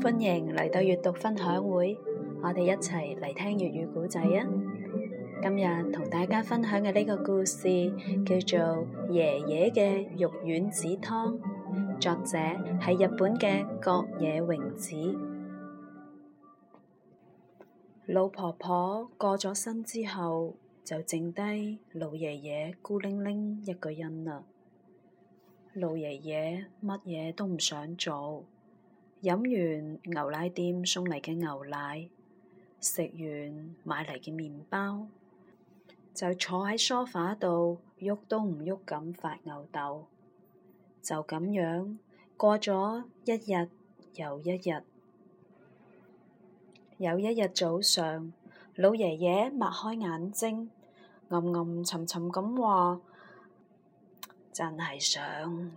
歡迎嚟到閱讀分享會，我哋一齊嚟聽粵語古仔啊！今日同大家分享嘅呢個故事叫做《爺爺嘅肉丸子湯》，作者係日本嘅角野榮子。老婆婆過咗身之後，就剩低老爺爺孤零零一個人啦。老爺爺乜嘢都唔想做。飲完牛奶店送嚟嘅牛奶，食完買嚟嘅麵包，就坐喺梳化度，喐都唔喐咁發吽哣。就咁樣過咗一日又一日，有一日早上，老爺爺擘開眼睛，暗暗沉沉咁話：真係想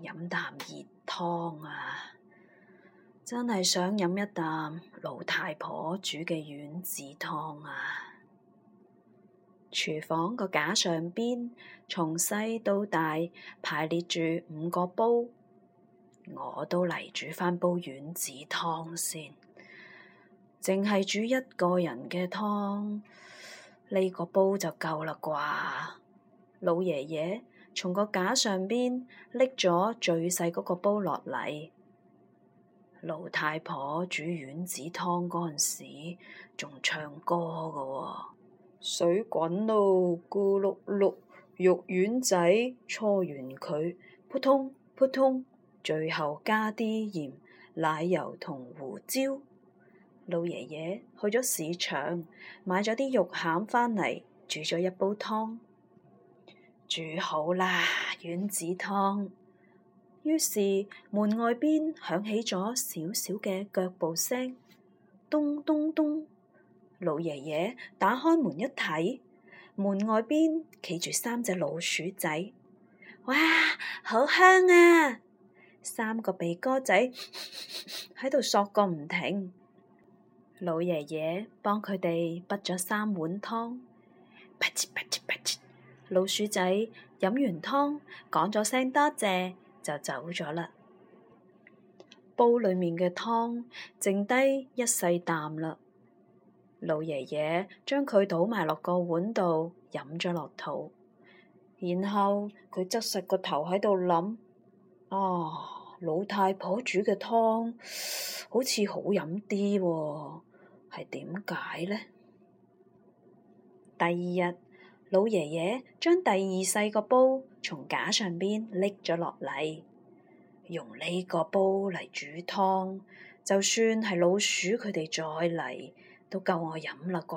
飲啖熱湯啊！真係想飲一啖老太婆煮嘅丸子湯啊！廚房個架上邊從細到大排列住五個煲，我都嚟煮翻煲丸子湯先。淨係煮一個人嘅湯，呢個煲就夠啦啩？老爺爺從個架上邊拎咗最細嗰個煲落嚟。老太婆煮丸子湯嗰陣時，仲唱歌㗎喎，哦。水滾咯，咕碌碌，肉丸仔搓完佢，噗通噗通，最後加啲鹽、奶油同胡椒。老爺爺去咗市場買咗啲肉餡返嚟，煮咗一煲湯，煮好啦，丸子湯。於是門外邊響起咗小小嘅腳步聲，咚咚咚。老爺爺打開門一睇，門外邊企住三隻老鼠仔。哇，好香啊！三個鼻哥仔喺度嗦個唔停。老爺爺幫佢哋拔咗三碗湯，不切不切不切。老鼠仔飲完湯，講咗聲多謝。就走咗啦。煲裏面嘅湯剩低一細啖啦，老爺爺將佢倒埋落個碗度飲咗落肚，然後佢側實個頭喺度諗：「啊，老太婆煮嘅湯好似好飲啲喎，係點解呢？」第二日。老爺爺將第二細個煲從架上邊拎咗落嚟，用呢個煲嚟煮湯，就算係老鼠佢哋再嚟都夠我飲啦啩？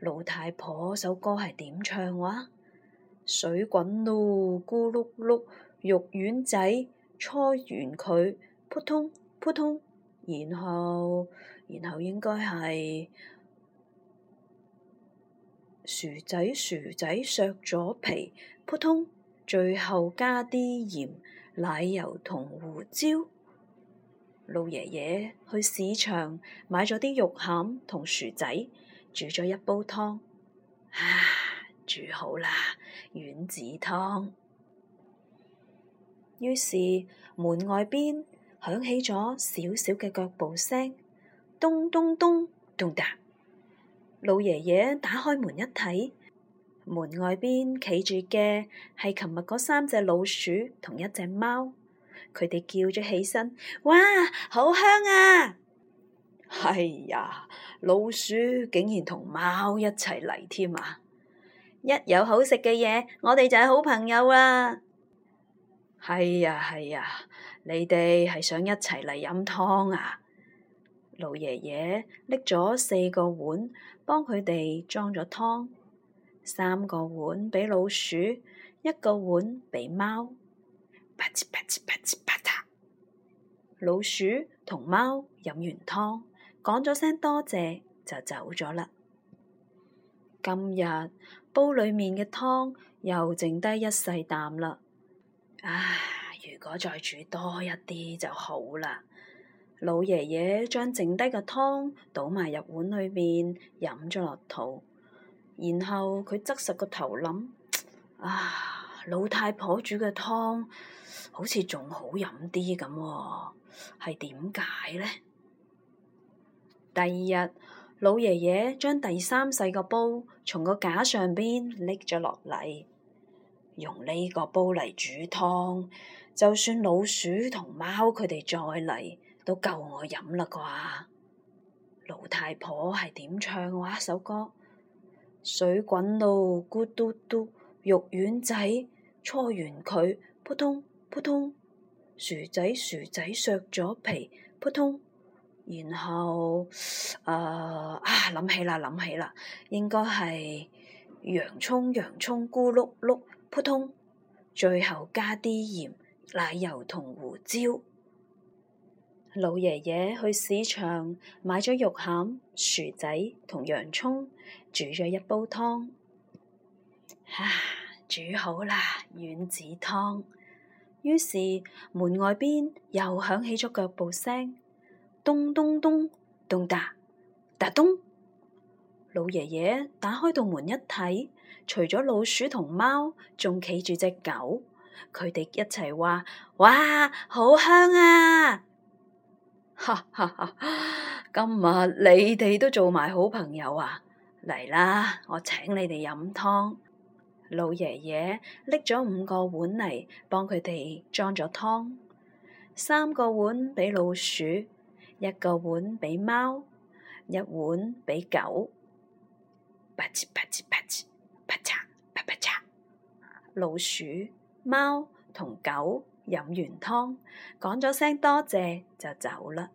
老太婆首歌係點唱話？水滾嚕，咕碌碌，肉丸仔搓完佢，噗通噗通，然後然後應該係。薯仔薯仔削咗皮，噗通，最後加啲鹽、奶油同胡椒。老爺爺去市場買咗啲肉餡同薯仔，煮咗一煲湯。啊，煮好啦，丸子湯。於是門外邊響起咗小小嘅腳步聲，咚咚咚咚，咚，咚噠。老爺爺打開門一睇，門外邊企住嘅係琴日嗰三隻老鼠同一隻貓，佢哋叫咗起身，哇，好香啊！係呀，老鼠竟然同貓一齊嚟添啊！一有好食嘅嘢，我哋就係好朋友啦、啊。係呀係呀，你哋係想一齊嚟飲湯啊？老爺爺拎咗四個碗，幫佢哋裝咗湯。三個碗俾老鼠，一個碗俾貓。啪嘰啪嘰啪嘰啪嗒，老鼠同貓飲完湯，講咗聲多謝就走咗啦。今日煲裏面嘅湯又剩低一細啖啦。唉，如果再煮多一啲就好啦。老爺爺將剩低嘅湯倒埋入碗裏邊，飲咗落肚。然後佢側實個頭諗：啊，老太婆煮嘅湯好似仲好飲啲咁喎，係點解呢？」第二日，老爺爺將第三細個煲從個架上邊拎咗落嚟，用呢個煲嚟煮湯。就算老鼠同貓佢哋再嚟，都夠我飲啦啩！老太婆係點唱嘅話，啊，首歌水滾到咕嘟嘟，肉丸仔搓完佢，噗通噗通，薯仔薯仔削咗皮，噗通，然後啊、呃、啊，諗起啦諗起啦，應該係洋葱洋葱咕碌碌，噗通，最後加啲鹽、奶油同胡椒。老爺爺去市場買咗肉餡、薯仔同洋葱，煮咗一煲湯。啊，煮好啦，丸子湯。於是門外邊又響起咗腳步聲，咚咚咚咚嗒嗒咚，咚，咚，咚，咚，咚。老爺爺打開道門一睇，除咗老鼠同貓，仲企住隻狗。佢哋一齊話：哇，好香啊！哈哈哈！今日你哋都做埋好朋友啊！嚟啦，我請你哋飲湯。老爺爺拎咗五個碗嚟，幫佢哋裝咗湯。三個碗畀老鼠，一個碗畀貓，一碗畀狗。啪嚓啪嚓啪嚓啪嚓！老鼠、貓同狗。飲完湯，講咗聲多謝就走啦。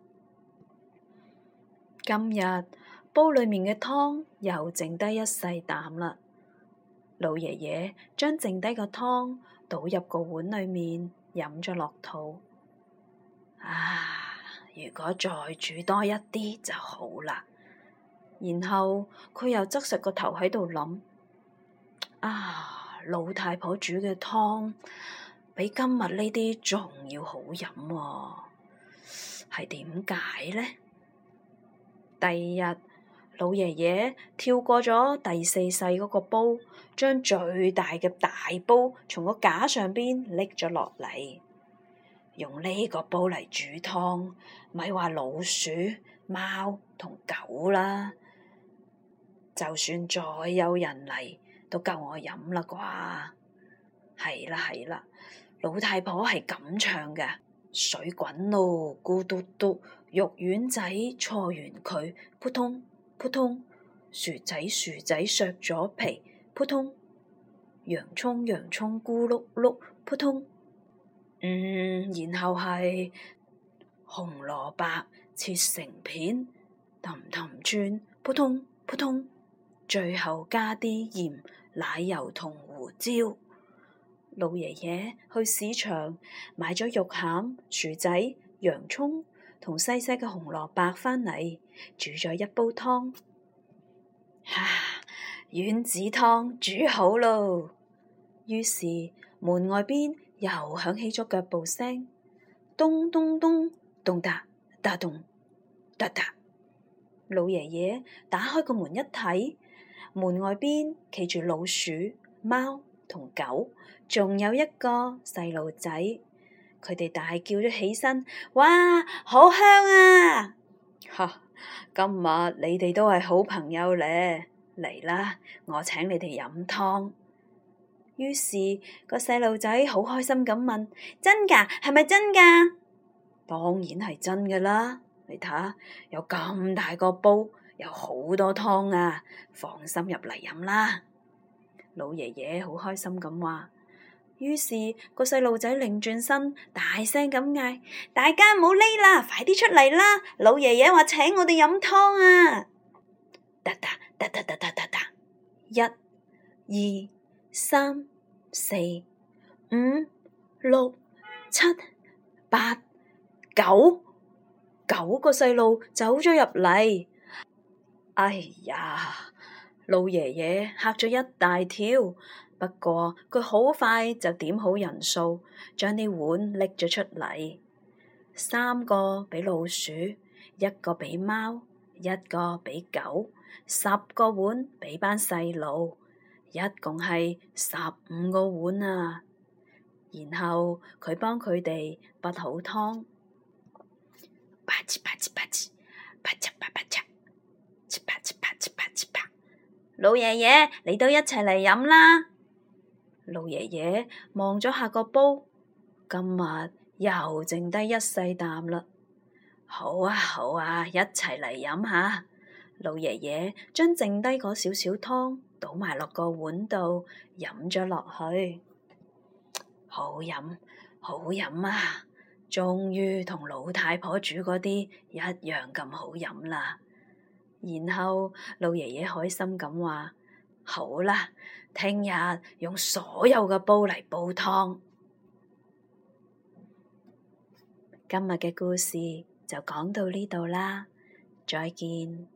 今日煲裏面嘅湯又剩低一細啖啦。老爺爺將剩低個湯倒入個碗裏面，飲咗落肚。啊！如果再煮多一啲就好啦。然後佢又側實個頭喺度諗，啊，老太婆煮嘅湯。比今日呢啲仲要好飲喎，哦，係點解呢？第二日，老爺爺跳過咗第四世嗰個煲，將最大嘅大煲從個架上邊拎咗落嚟，用呢個煲嚟煮湯，咪話老鼠、貓同狗啦，就算再有人嚟都夠我飲啦啩？係啦，係啦。老太婆係咁唱嘅：水滾咯，咕嘟嘟，肉丸仔搓完佢，噗通噗通，薯仔薯仔削咗皮，噗通，洋葱洋葱咕碌碌，噗通，嗯，然後係紅蘿蔔切成片，氹氹轉，噗通噗通，最後加啲鹽、奶油同胡椒。老爺爺去市場買咗肉餡、薯仔、洋蔥同細細嘅紅蘿蔔返嚟，煮咗一煲湯。吓、啊，丸子湯煮好咯。於是門外邊又響起咗腳步聲，咚咚咚咚噠噠咚噠噠。老爺爺打開個門一睇，門外邊企住老鼠、貓同狗。仲有一個細路仔，佢哋大叫咗起身，哇，好香啊！哈，今日你哋都係好朋友咧，嚟啦，我請你哋飲湯。於是個細路仔好開心咁問：真噶，係咪真噶？當然係真噶啦，你睇下，有咁大個煲，有好多湯啊，放心入嚟飲啦。老爺爺好開心咁話。於是個細路仔擰轉身，大聲咁嗌：大家唔好匿啦，快啲出嚟啦！老爺爺話請我哋飲湯啊！噠噠噠噠噠噠噠，一、二、三、四、五、六、七、八、九，九個細路走咗入嚟。哎呀，老爺爺吓咗一大跳。不過佢好快就點好人數，將啲碗拎咗出嚟，三個畀老鼠，一個畀貓，一個畀狗，十個碗畀班細路，一共係十五個碗啊！然後佢幫佢哋撥好湯，啪嗞啪嗞啪嗞啪嗞啪啪嗞，嗞啪嗞啪嗞啪嗞啪，老爺爺你都一齊嚟飲啦！老爺爺望咗下個煲，今日又剩低一細啖啦。好啊好啊，一齊嚟飲下。老爺爺將剩低嗰少少湯倒埋落個碗度，飲咗落去，好飲好飲啊！終於同老太婆煮嗰啲一樣咁好飲啦。然後老爺爺開心咁話。好啦，聽日用所有嘅煲嚟煲湯。今日嘅故事就講到呢度啦，再見。